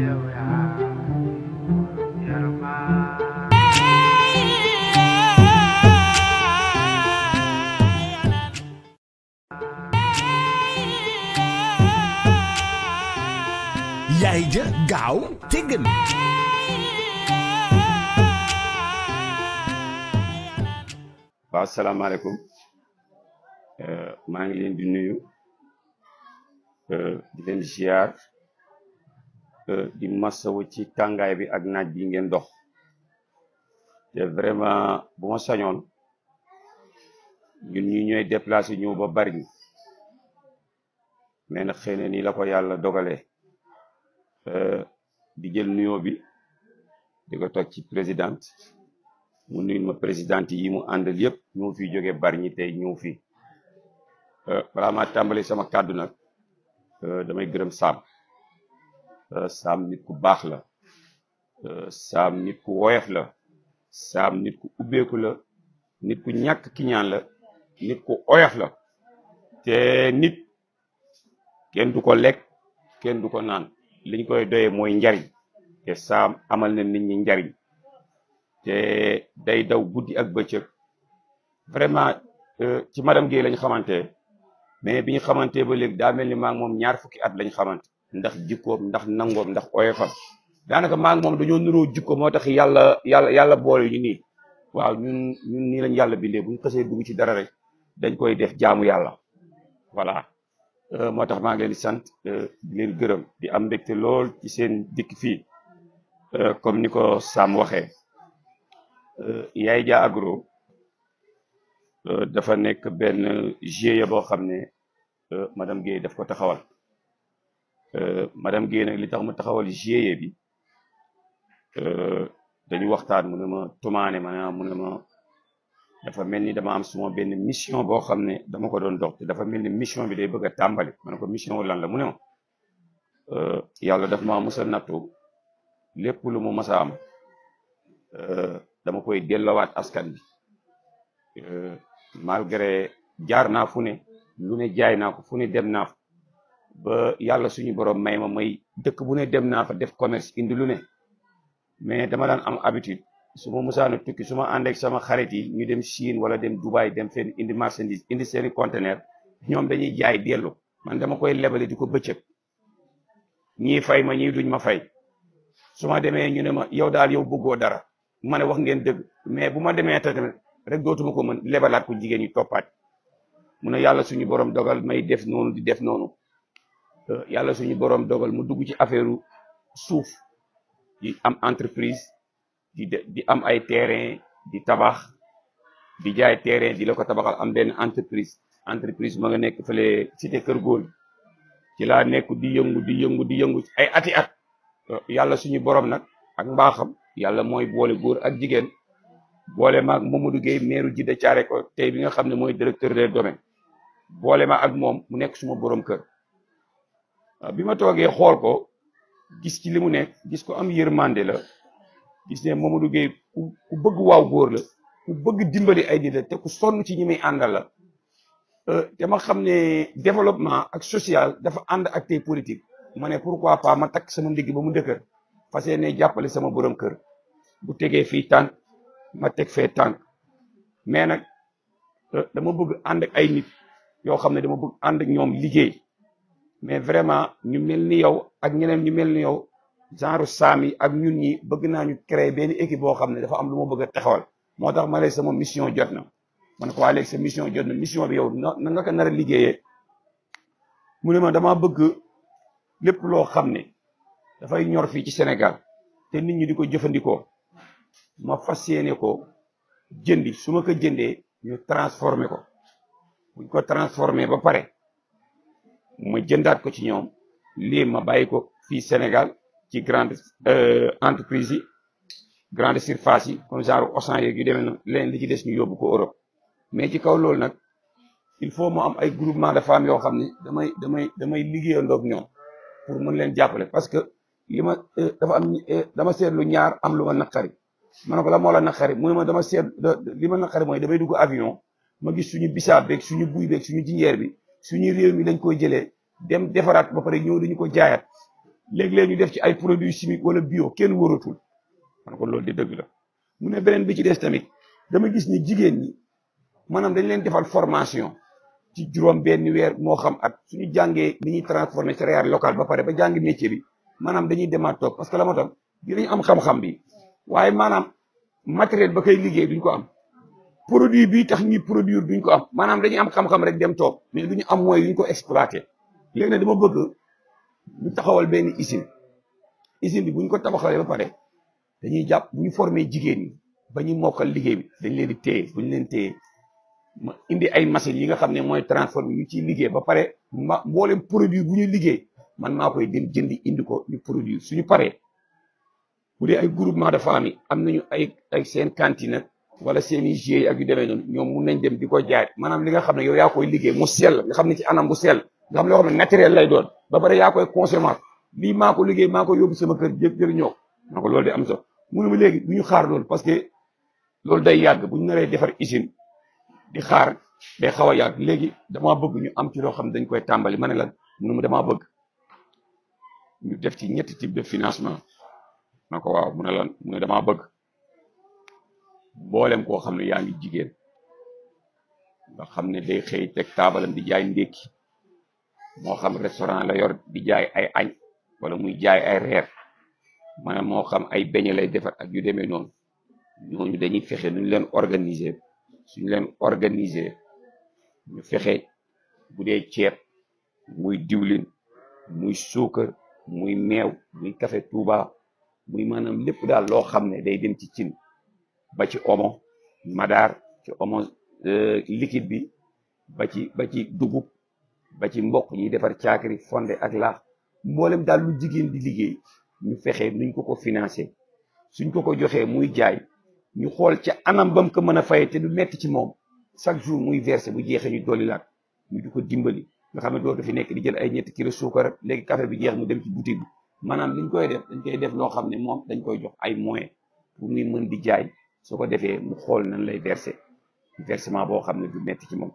yaay ja gaaw te gën waaw salaamaaleykum euh, maa ngi leen di nuyu euh, di leen di masawu ci tàngaay bi ak naaj bi ngeen dox te vraiment bu ma sañoon ñun ñu ñooy déplacé ñëw ba bari ñi mais nag xëy na nii la ko yàlla dogalee euh, di jël nuyoo bi di ko toj ci présidente mu nuyu ma présidente yi mu àndal yëpp ñu fi jóge bari ñi tey ñëw fi euh, balaa maa tàmbali sama kàddu nag euh, damay gërëm saam Euh, saam nit ku baax la euh, saam nit ku woyof la saam nit ku ubbeeku la nit ku ñàkk kiñaan la nit ku oyof la te nit kenn du ko lekk kenn du ko naan liñ koy doyee mooy njariñ te saam amal na nit ñi njariñ te day daw guddi ak bëccëg vraiment euh, ci madame Guèye lañ xamante mais bi ñu xamante ba léegi daa mel ni maa moom ñaar fukki at lañ xamante ndax jikkoom ndax nangoom ndax oyofam daanaka maa ngi moom dañoo nuroo jikko moo tax yàlla yàlla yàlla boole ñu nii waaw ñu ñun nii lañ yàlla bindee buñ xasee dugg ci dara rek dañ koy def jaamu yàlla voilà euh, moo tax maa ngi leen di sant euh, di leen gërëm di am mbégte lool ci seen dikk fii euh, comme ni ko saam waxee yaay Dia Agro dafa nekk benn GIE boo xam ne madame Guèye daf ko taxawal madame Guèye nag li tax mu taxawal GIE bi euh, dañu waxtaan mu ne ma tumaane maanaam ah, mu ne ma dafa mel ni dama am suma benn mission boo xam ne dama ko doon dox te dafa mel ni mission bi day bëgg a tàmbali ma ne ko mission wu lan la mu ne ma euh, yàlla daf ma mos a nattu lépp lu mu masa am euh, dama koy dellowaat askan bi malgré jaar naa fu ne lu ne jaay naa ko fu ne dem naa ba yàlla suñu borom may ma may dëkk bu ne dem naa fa def commerce indi lu ne mais dama daan am habitude su ma musaana tukki suma ma sama xarit yi ñu dem Chine wala dem Dubai dem fenn indi marchandise indi seeni conteneur ñoom dañuy jaay dellu man dama koy lebalee di ko bëccëg ñii fay ma ñii duñ ma fay su ma demee ñu ne ma yow daal yow bëggoo dara ma ne wax ngeen dëgg mais bu ma demee tamit rek dootuma ko mën lebalaat ko jigéen ñi toppaat mu ne yàlla suñu borom dogal may def noonu di def noonu Euh, yàlla suñu borom dogal mu dugg ci affaire suuf di am entreprise di di am ay terrain di tabax di jaay teree di la ko tabaxal am benn entreprise entreprise ma nga nekk fële cité kër góor ci laa nekku di yëngu di yëngu di yëngu ay ati at euh, yàlla suñu borom nag ak mbaaxam yàlla mooy boole góor ak jigéen boole ma mu mu Gueye meeru Jidda Caare ko tey bi nga xam ne mooy directeur des domaines boole ma ak moom mu nekk suma borom kër Euh, bi ma toogee xool ko gis ci li mu nekk gis ko am yërmande la gis ne Mamadou Gueye ku bëgg waaw góor la ku bëgg dimbali ay nit la te ku sonn ci ñi muy àndal la euh, te ma xam ne développement ak social dafa ànd ak tey politique ma ne pourquoi pas ma takk sama ndigg ba mu dëkkër fas yéene jàppale sama borom kër bu tegee fii tànk ma teg fee tànk mais nag euh, dama bëgg ànd ak ay nit yoo xam ne dama bëgg ànd ak ñoom liggéey mais vraiment ñu mel ni yow ak ñeneen ñu mel ni yow genre saam ak ñun ñi bëgg naa ñu créer benn équipe boo xam ne dafa am lu ma bëgg a taxawal moo tax ma lay sama mission jot na ma ne ko waa sa mission jot na mission bi yow na nga ko nar a liggéeyee mu ne ma damaa bëgg lépp loo xam ne dafay ñor fii ci Sénégal te nit ñi di ko jëfandikoo ma fas yéene ko jëndi su ma ko jëndee ñu transformé ko buñ ko transformé ba pare ma jëndaat ko ci ñoom lii ma bàyyi ko fii Sénégal ci grande euh, entreprise yi grande surface yi comme genre Auchan yeeg yu demee noonu leneen li ci des ñu yóbbu ko Europe mais ci kaw loolu nag il faut mu am ay groupement de femmes yoo xam ne damay damay damay liggéeyandoo ñoom pour mën leen jàppale parce que li ma euh, dafa am euh, dama seetlu ñaar am lu ma naqari ma ne ko la moo la naqari mu ne ma dama seet li ma naqari mooy damay dugg avion ma gis suñu bisaab beek suñu buy beeg suñu jinjeer bi suñu réew mi lañ ko jëlee dem defaraat ba pare ñëw dañu ko jaayaat léeg-léeg ñu def ci ay produits chimiques wala bio kenn wóoratul man kon loolu di dëgg la mu ne beneen bi ci des tamit dama gis ni jigéen ñi maanaam dañ leen defal formation ci juróom benn weer moo xam at suñu jàngee ni ñuy transformé céréale locale ba pare ba jàngi métier bi maanaam dañuy demaat toog parce que la moo tax dinañ am xam-xam bi waaye maanaam matériel ba koy liggéey duñ ko am produit bi tax ñi ñuy produire duñ ko am maanaam dañu am xam-xam rek dem toog mais duñu am moyen ñu ko exploité léegi nag dama bëgg ñu taxawal benn usine usine bi buñ ko tabaxalee ba pare dañuy jàpp bu ñu formé jigéen ñi ba ñu mokkal liggéey bi dañ leen di bu ñu leen téye indi ay machines yi nga xam ne mooy transformé ñu ciy liggéey ba pare ma mboolem produit bu ñu liggéey man maa koy dem jëndi indi ko produit produire suñu paree bu dee ay groupement de femmes yi am nañu ay ay seen cantine wala seeni GIE ak yu demee noonu ñoom nañ dem di ko jaay maanaam li nga xam ne yow yaa koy liggéey mu sell nga xam ne ci anam bu sell nga xam ne loo xam ne naturel lay doon ba pare yaa koy consommé lii maa ko liggéey maa ko yóbbu sama kër jë jëriñoo maa ko am sax mu ne ma léegi du ñu xaar loolu parce que loolu day yàgg bu ñu naree defar usine di xaar day xaw a yàgg léegi damaa bëgg ñu am ci loo xam ne dañ koy tàmbali ma ne la mu ne damaa bëgg ñu def ci ñetti type de financement na ko waaw mu ne lan damaa bëgg mboolem koo xam ne yaa ngi jigéen loo xam ne day xëy teg taabalam di jaay ndékki moo xam restaurant la yor di jaay ay añ wala muy jaay ay reer maanaam moo xam ay beñe lay defar ak yu demee noonu ñooñu dañuy fexe nu ñu leen organiser suñu leen organiser ñu fexe bu dee ceeb muy diwlin muy suukar muy meew muy kafe tuuba muy maanaam lépp daal loo xam ne day dem ci cin ba ci omo madaar ci omo euh, liquide bi ba ci ba ci dugub ba ci mboq ñuy defar caakiri fonde ak laax mboolem daal lu jigéen di liggéey ñu fexe nuñ ko ko financé suñ ko ko joxee muy jaay ñu xool ca anam bam ko mën a faye te du metti ci moom chaque jour muy verse bu jeexee ñu dolli laat ñu di ko dimbali nga xam ne doo fi nekk di jël ay ñetti kilo suukar léegi café bi jeex mu dem ci boutique bi maanaam liñ koy def dañ koy def loo xam ne moom dañ koy jox ay moyens pour muy mën di jaay su ko defee mu xool nan lay verser versement boo xam ne du metti ci moom